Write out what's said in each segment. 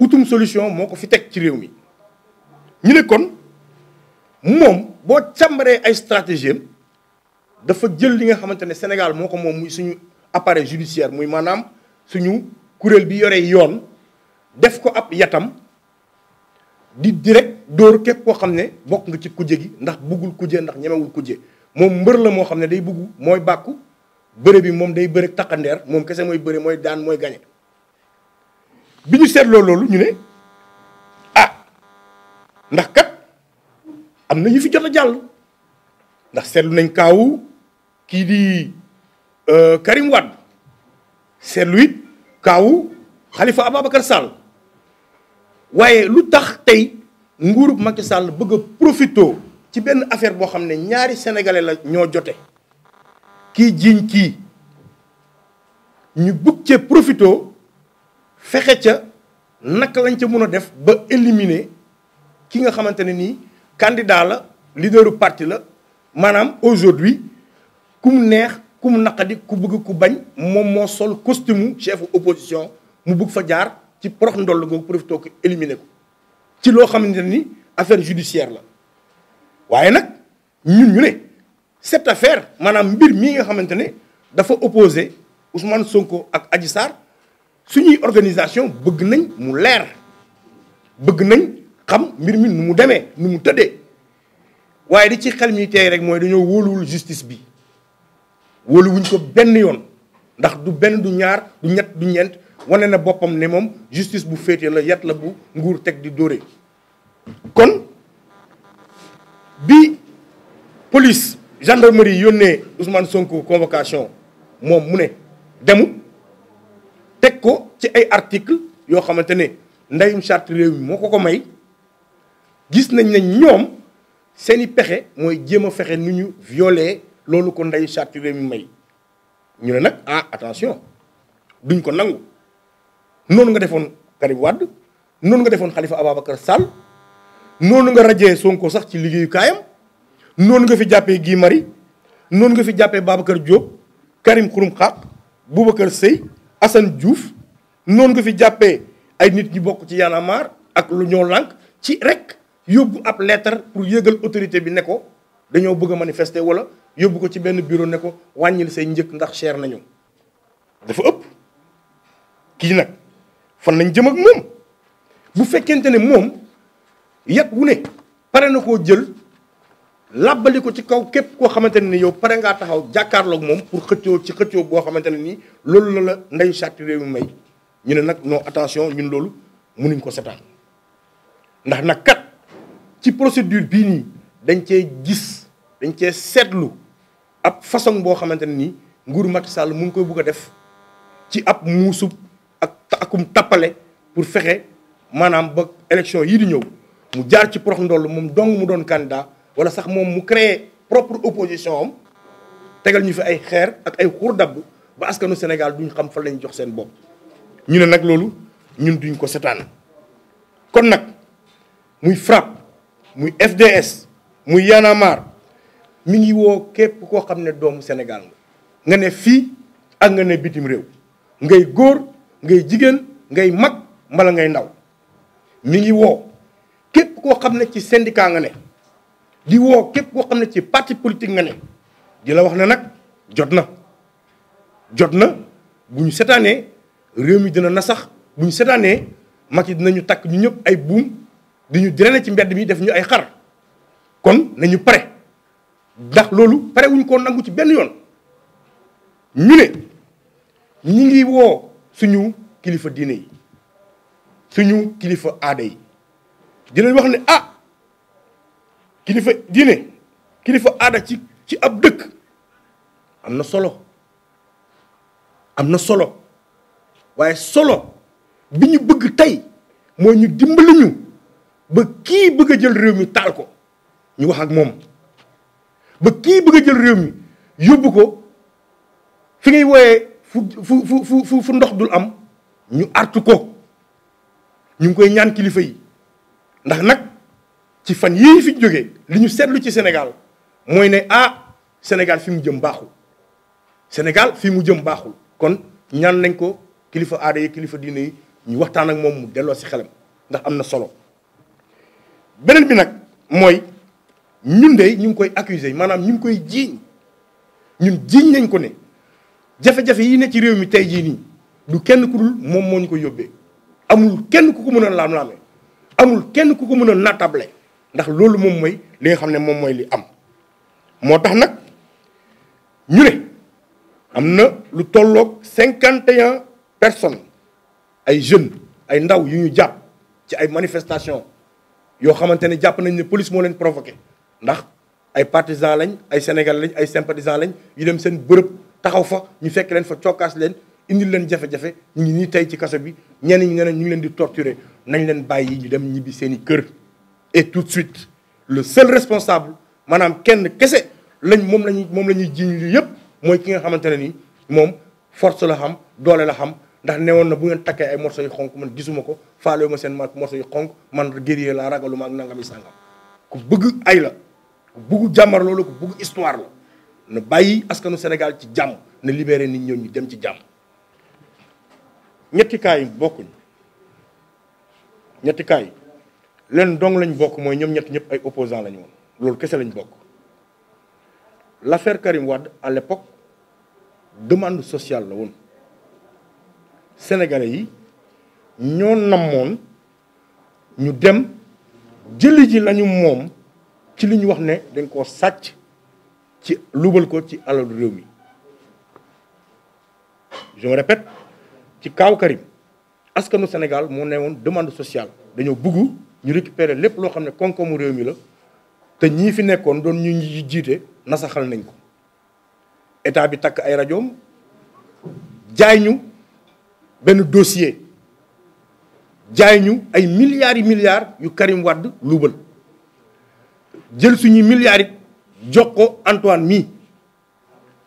utum solution moo ko fi teg ci réew mi ñu ne kon moom boo càmbaree ay stratégie dafa jël li nga xamante ne Sénégal moo ko moom muy suñu appareil judiciaire muy maanaam suñu kuréel bi yore yoon def ko ab yatam di direct dóor képp koo xam ne bokk nga ci kujje gi ndax buggul kujje ndax ñemewul kujje moom mbër la moo xam ne day bugg mooy bàkku bëre bi moom day bëre takkandeer moom kese mooy bëre mooy daan mooy gañe bi ñu seetloo loolu ñu ne ah ndax kat am na ñu fi jot a jàll ndax seetlu nañ kaawu kii di euh, Karim Wade seetlu it kaawu Khalifa Ababacar Sall waaye lu tax tey nguurub Macky Sall bëgg a profité ci benn affaire boo xam ne ñaari sénégalais la ñoo jote ki jiiñ kii ñu bëgg cee profité. fexe ca naka lañ ca mën a def ba éliminer ki nga xamante ne nii candidat la leaderu parti la maanaam aujourd'hui ku mu neex ku mu naqadi ku bëgg ku bañ moom moo sol costume chef opposition mu bugg fa jaar ci porox ndoll googu profité ko éliminer ko ci loo xamante nii affaire judiciaire la waaye nag ñun ñu ne cette affaire maanaam mbir mii nga xamante ne dafa opposé Ousmane Sonko ak Adji suñuy organisation bëgg nañ mu leer bëgg nañ xam mbir mi nu mu demee nu mu tëddee waaye di ci xel mi tey rek mooy dañoo wóoluwul justice bi wóoluwuñ ko benn yoon ndax du benn du ñaar du ñett du ñeent wane na boppam ne moom justice bu féete la yat la bu nguur teg di dóore kon bi police gendarmerie yónnee Ousmane Sonko convocation moom mu ne demut teg ko ci ay article yoo xamante ne ndeyum charte moo ko ko may gis nañ ne ñoom seen i pexe mooy jéem a fexe nu ñu violer loolu ko ndeyu charte mu may ñu ne nag ah attention duñ ko nangu noonu nga defoon Karim Wade noonu nga defoon Khalifa Ababacar Sall noonu nga rajee Sonko sax ci liggéeyu kaayam noonu nga fi jàppee Guy Marius noonu nga fi jàppee Babacar Diop Karim Xurum Xaq Boubacar Seye assan Diouf noonu nga fi jàppee ay nit ñu bokk ci Y'en ak lu ñoo lànk ci rek yóbbu ab lettre pour yëgal autorité bi ne ko dañoo bëgg a manifester wala yóbbu ko ci benn bureau ne ko wàññil say njëkk ndax cher nañu dafa ëpp kii nag fan nañ jëm ak moom bu fekkente ne moom yat wu ne pare na koo jël làbbali ko ci kaw képp koo xamante ne ni yow pare ngaa taxaw jàkkaarloog moom pour xëccoo ci xëccoo boo xamante ne ni loolu la la ndeyu charte réew mi may ñu ne nag noo attention ñun loolu mënuñ ko setaan ndax nag kat ci procédure bii nii dañ cee gis dañ cee seetlu ab façon boo xamante ne nii nguuru Macky Sall mu ngi koy bugg a def ci ab muusu ak akum tappale pour fexe maanaam ba élection yii di ñëw mu jaar ci porox ndoll moom dong mu doon candidat wala sax moom mu créer propre opposition am tegal ñu fi ay xeer ak ay xur dabb ba askanu Sénégal duñ xam fan lañ jox seen bopp ñu ne nag loolu ñun duñ ko setaan kon nag muy FRAPP muy FDS muy Y'en a marre mi ngi woo képp koo xam ne doomu senegal nga ne fii ak nga ne bitim réew ngay góor ngay jigéen ngay mag mbala ngay ndaw mi ngi woo képp koo xam ne ci syndicat nga ne di woo képp koo xam ne ci parti politique nga ne di wax ne nag jot na jot na bu ñu seetaanee réew mi dina nasax bu ñu seetaanee mag yi dinañu takk ñu ñëpp ay buum di ñu na ci mbedd mi def ñu ay xar kon nañu pare ndax loolu pare wuñ koo nangu ci benn yoon ñu ne ñi ngi woo suñu kilifa diine yi suñu kilifa aada yi di leen wax ne ah kilifa diine kilifa aada ci ci ab dëkk am na solo am na solo waaye solo bi ñu bëgg tey mooy ñu dimbali ñu ba kii bëgg jël réew mi taal ko ñu wax ak moom ba kii bëgg a jël réew mi yóbbu ko fi ngay wooyee fu fu ndox dul am ñu artu ko ñu ngi koy ñaan kilifa yi ndax ci fan yii fi ñu jógee li ñu seetlu ci Sénégal mooy ne a ah, Sénégal fi mu jëm baaxul Sénégal fi mu jëm baaxul kon ñaan nañ ko kilifa aada yi kilifa diine yi ñu waxtaan ak moom mu delloo si xelam ndax am na solo beneen bi nag mooy ñun de ñu ngi koy accuser maanaam ñu ngi koy jiiñ ñun jiiñ nañ ko ne jafe-jafe yi ne ci réew mi tey jii nii du kenn ku dul moom moo ñu ko yóbbee amul kenn ku ko mën a laam-laame amul kenn ku ko mën a nattable ndax loolu moom mooy li nga xam ne moom mooy li am moo tax nag ñu ne am na lu tolloog cinquante et un personnes ay jeunes ay ndaw yu ñu jàpp ci ay manifestation yoo xamante ne jàpp nañ ne police moo leen provoqué ndax ay partisans lañ ay Sénégal lañ ay sympathisants lañ yu dem seen bërëb taxaw fa ñu fekk leen fa cokaas leen indi leen jafe-jafe ñi nii tey ci kaso bi ñenn ñi ne ñu ngi leen di torturer nañ leen bàyyi ñu dem ñibbi seen i kër. et tout de suite le seul responsable maanaam kenn kese lañ moom lañuy moom la ñuy jiiñ lii yëpp mooy ki nga xamante ne ni moom force la xam doole la xam ndax newoon na bu ngeen takkee ay morceaux yu xonk man gisuma ko faalewu ma seen ma morceaux yu xonk man guerrier laa ragalu ma ak nangami sàngam ku bëgg ay la ku bëgg jàmmar loolu ku bëgg histoire la na bàyyi askanu Sénégal ci jàmm na libéré nit ñoom ñu dem ci jàmm ñetti kaay yi ñetti kaay yi leen dong lañ bokk mooy ñoom ñett ñëpp ay opposants lañu woon loolu kese lañu bokk l'affaire Karim Wade à l'époque demande sociale la woon sénégalais yi ñoo namoon ñu dem jëli ji lañu moom ci li ñu wax ne dañ koo sàcc ci luubal ko ci alalu réew mi je me répète ci kaaw Karim askanu Sénégal moo ne woon demande sociale dañoo bugg ñu récupérer lépp loo xam ne koom-koomu réew mi la te ñii fi nekkoon doon ñu jiite nasaxal nañ ko état bi takk ay rajoom jaay ñu benn dossier jaay ñu ay milliards yi milliards yu Karim Wade luubal jël suñuy milliards it jox ko Antoine mii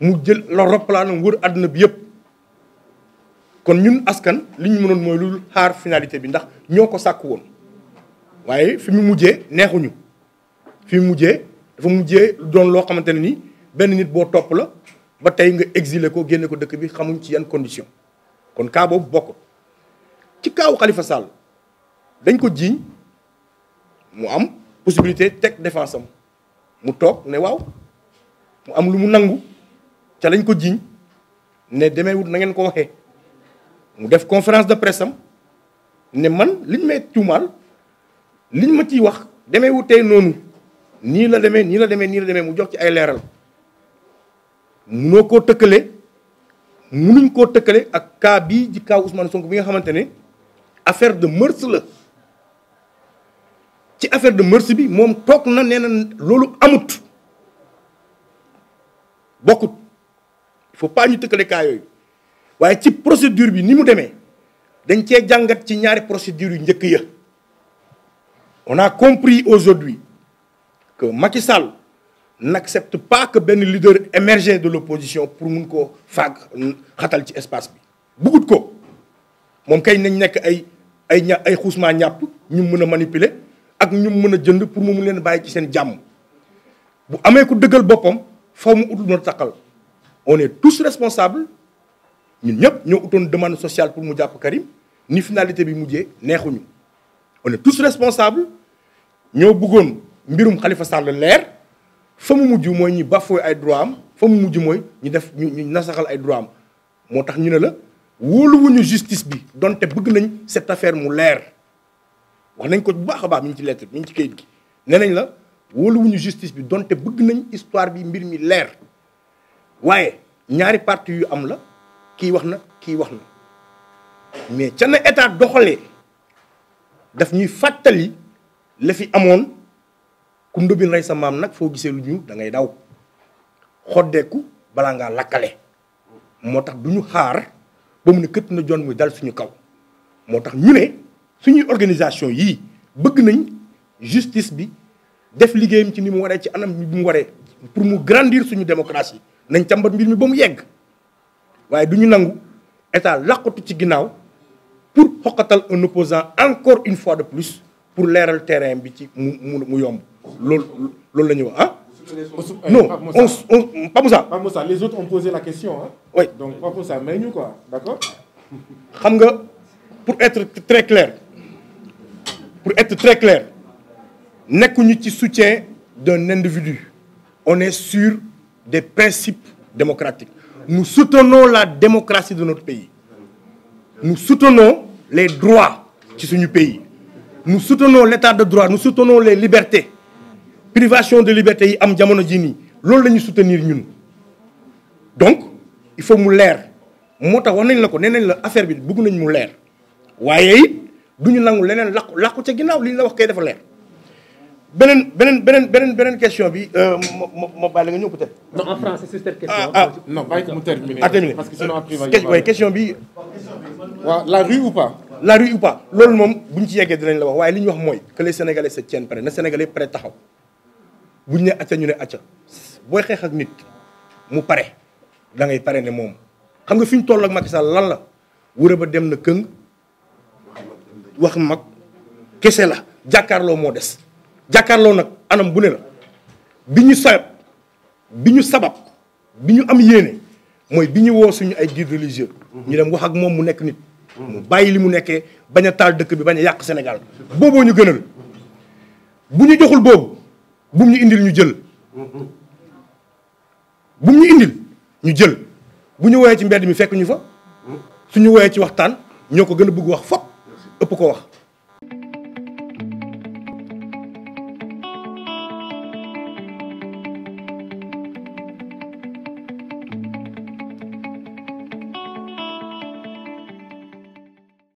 mu jël la roppalaanam wër àdduna bi yëpp kon ñun askan li ñu mënoon mooy lu xaar finalité bi ndax ñoo ko sàkk woon waaye fi mu mujjee neexuñu fi mu mujjee dafa mujjee doon loo xamante ne ni benn nit boo topp la ba tey nga exilé ko génne ko dëkk bi xamuñ ci yan condition kon cas bu bokk ci kaawu xalifa Sall dañ ko jiiñ mu am possibilité teg défense am mu toog ne waaw mu am lu mu nangu ca lañ ko jiiñ ne demeewut na ngeen ko waxee mu def conférence de presse am ne man liñ may tuumaal liñ ma ciy wax demee wu tey noonu nii la demee nii la demee nii demee mu jox ci ay leeral munoo koo tëkkale munuñ koo tëkkale ak kaa bi ci cas Ousmane Sonko bi nga xamante ne affaire de mœurs la ci affaire de mœurs bi moom toog na nee na loolu amut bokkut il faut ñu tëkkale cas yooyu waaye ci procédure bi ni mu demee dañ cee jàngat ci ñaari procédure yu njëkk ya on a compris aujourd'hui que Macky Sall n'accepte pas que benn leader émergé de l'opposition pour mun koo faag xatal ci espace bi bugut ko moom kay nañ nekk ay ay ña ay xuusmaa ñàpp ñu mën a manipuler ak ñu mën a jënd pour mu mu leen bàyyi ci seen jàmm bu amee ku dëggal boppam faw mu utul na taqal on est tous responsables ñun ñëpp ñoo utoon demande sociale pour mu jàpp Karim ni finalité bi mujjee neexuñu on est tous responsables ñoo buggoon mbirum xalifa Sall leer fa mu mujj mooy ñu bafooy ay droit am fa mu mujj mooy ñu def ñu nasaxal ay droit am moo tax ñu ne la wóoluwuñu justice bi donte bëgg nañ cette affaire mu leer wax nañ ko bu baax baax mi ci lettre mi ngi ci kayit gi nee nañ la wóoluwuñu justice bi donte bëgg nañ histoire bi mbir mi leer waaye ñaari parti yu am la kii wax na kii wax na mais ca na état doxalee daf ñuy fàttali la fi amoon ku ndóbin rey sa maam nag foo gisee lu ñu da ngay daw xoddeeku balaa ngaa lakkale moo tax du ñu xaar ba mu ne këtt na jon muy dal suñu kaw moo tax ñu ne suñuy organisation yii bëgg nañ justice bi def liggéeyam ci ni mu waree ci anam bi mu waree pour mu grandir suñu démocratie nañ càmbat mbir mi ba mu yegg waaye du ñu nangu état làqatu ci ginnaaw pour xoqatal un opposant encore une fois de plus pour leeral terrain bi ci mu mu yomb loolu loolu la ñuy wax ah. non on on Pape Moussa. Pape Moussa les autres ont posé la question ah. oui donc Pape Moussa may ñu quoi d'accord. xam nga pour être très clair pour être très clair nekkuñu ci soutien d'un individu on est sur des principes démocratiques nous soutenons la démocratie de notre pays les droits ci suñu pays nous soutenons l'état de droit nous soutenons les libertés privation de liberté yi am jamono ji nii loolu lañu ñu soutenir ñun donc il faut mu leer moo tax wax nañ la ko nee nañ la affaire bi bëgg nañ mu leer waaye it du ñu nangu leneen làqu lakku ci ginnaaw li la wax kay dafa leer beneen beneen beneen beneen beneen question bi ma ma ma bàyyi la nga ñëw peut ah, ah. terminer. parce que sinon après. waaye question bi. waaw la rue ou la rue ou loolu moom bu ñu ci yeggee dinañ la wax waaye li ñu wax mooy que les sénégalais se tiennent prêts na sénégalais prêts taxaw bu ñu nee acca ñu ne acca boo xeex ak nit mu pare da pare ne moom xam nga fi ñu toll ak Macky Sall lan la wër ba dem na këng wax mag kese la jàkkaarloo moo des jàkkaarloo nag anam bu ne la bi ñu sabab bi ñu sabab bi ñu am yéene mooy bi ñu woo suñu ay guides religieux ñu dem wax ak moom mu nekk nit mu bàyyi li mu nekkee bañ taal dëkk bi bañ yàq senegal booboo ñu gënal bu ñu joxul boobu bum ñu indil ñu jël bum ñu indil ñu jël bu ñu woyee ci mbedd mi fekk ñu fa suñu woyee ci waxtaan ñoo ko gën a bugg wax fop ëpp ko wax